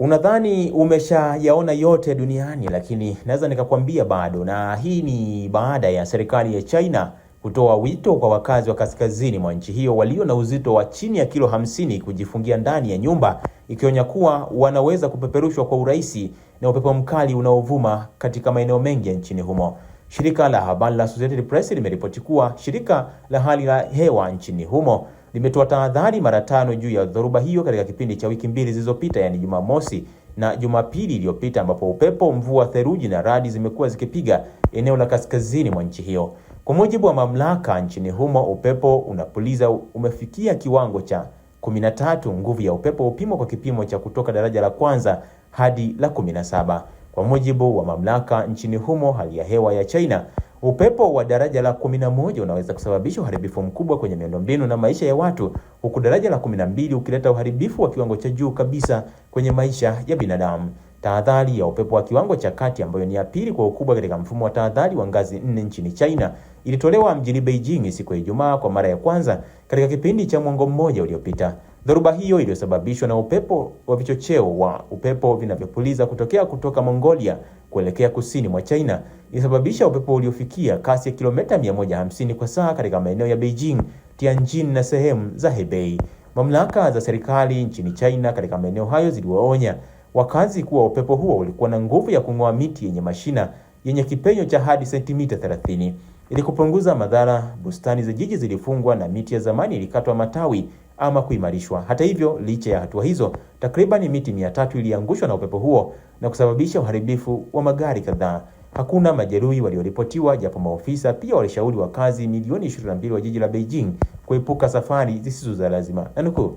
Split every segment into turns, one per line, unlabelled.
Unadhani umeshayaona yote duniani, lakini naweza nikakwambia bado. Na hii ni baada ya serikali ya China kutoa wito kwa wakazi wa kaskazini mwa nchi hiyo walio na uzito wa chini ya kilo hamsini kujifungia ndani ya nyumba, ikionya kuwa wanaweza kupeperushwa kwa urahisi na upepo mkali unaovuma katika maeneo mengi ya nchini humo. Shirika la habari la Associated Press limeripoti kuwa shirika la hali la hewa nchini humo limetoa tahadhari mara tano juu ya dhoruba hiyo katika kipindi cha wiki mbili zilizopita, yani Jumamosi na Jumapili iliyopita, ambapo upepo, mvua, theluji na radi zimekuwa zikipiga eneo la kaskazini mwa nchi hiyo. Kwa mujibu wa mamlaka nchini humo, upepo unapuliza umefikia kiwango cha 13. Nguvu ya upepo hupimwa kwa kipimo cha kutoka daraja la kwanza hadi la 17. Kwa mujibu wa mamlaka nchini humo, hali ya hewa ya China Upepo wa daraja la 11 unaweza kusababisha uharibifu mkubwa kwenye miundombinu na maisha ya watu, huku daraja la 12 ukileta uharibifu wa kiwango cha juu kabisa kwenye maisha ya binadamu. Tahadhari ya upepo wa kiwango cha kati ambayo ni ya pili kwa ukubwa katika mfumo wa tahadhari wa ngazi nne nchini China ilitolewa mjini Beijing siku ya Ijumaa kwa mara ya kwanza katika kipindi cha mwongo mmoja uliopita. Dhoruba hiyo iliyosababishwa na upepo wa vichocheo wa upepo vinavyopuliza kutokea kutoka Mongolia kuelekea kusini mwa China ilisababisha upepo uliofikia kasi ya kilomita 150 kwa saa katika maeneo ya Beijing, Tianjin na sehemu za Hebei. Mamlaka za serikali nchini China katika maeneo hayo ziliwaonya wakazi kuwa upepo huo ulikuwa na nguvu ya kung'oa miti yenye mashina yenye kipenyo cha hadi sentimita 30. Ili kupunguza madhara, bustani za jiji zilifungwa na miti ya zamani ilikatwa matawi ama kuimarishwa. Hata hivyo, licha ya hatua hizo, takriban miti 300 iliangushwa na upepo huo na kusababisha uharibifu wa magari kadhaa. Hakuna majeruhi walioripotiwa, japo maofisa pia walishauri wakazi milioni 22 wa jiji la Beijing kuepuka safari zisizo za lazima. Nanukuu.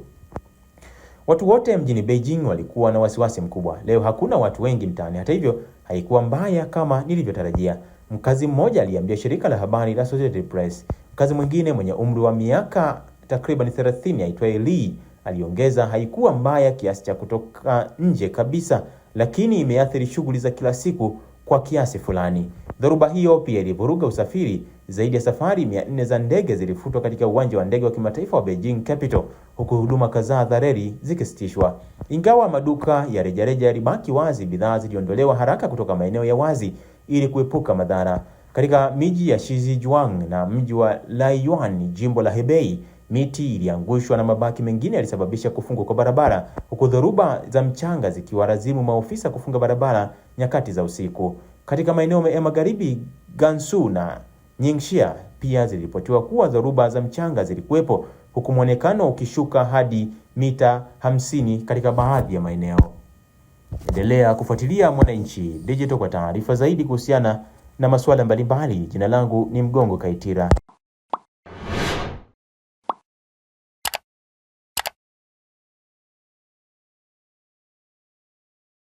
Watu wote mjini Beijing walikuwa na wasiwasi mkubwa. Leo hakuna watu wengi mtaani. Hata hivyo, haikuwa mbaya kama nilivyotarajia. Mkazi mmoja aliambia shirika la habari la Associated Press. Mkazi mwingine mwenye umri wa miaka takriban 30 aitwaye Li aliongeza, haikuwa mbaya kiasi cha kutoka nje kabisa, lakini imeathiri shughuli za kila siku kwa kiasi fulani. Dhoruba hiyo pia ilivuruga usafiri. Zaidi ya safari 400 za ndege zilifutwa katika uwanja wa ndege wa kimataifa wa Beijing Capital, huku huduma kadhaa za reli zikisitishwa. Ingawa maduka ya rejareja yalibaki wazi, bidhaa ziliondolewa haraka kutoka maeneo ya wazi ili kuepuka madhara. Katika miji ya Shijijuang na mji wa Laiyuan, jimbo la Hebei, miti iliangushwa na mabaki mengine yalisababisha kufungwa kwa barabara, huku dhoruba za mchanga zikiwalazimu maofisa kufunga barabara nyakati za usiku. Katika maeneo ya magharibi Gansu na Ningxia pia ziliripotiwa kuwa dhoruba za mchanga zilikuwepo, huku mwonekano ukishuka hadi mita 50 katika baadhi ya maeneo. Endelea kufuatilia Mwananchi Digital kwa taarifa zaidi kuhusiana na masuala mbalimbali. Jina langu ni Mgongo Kaitira.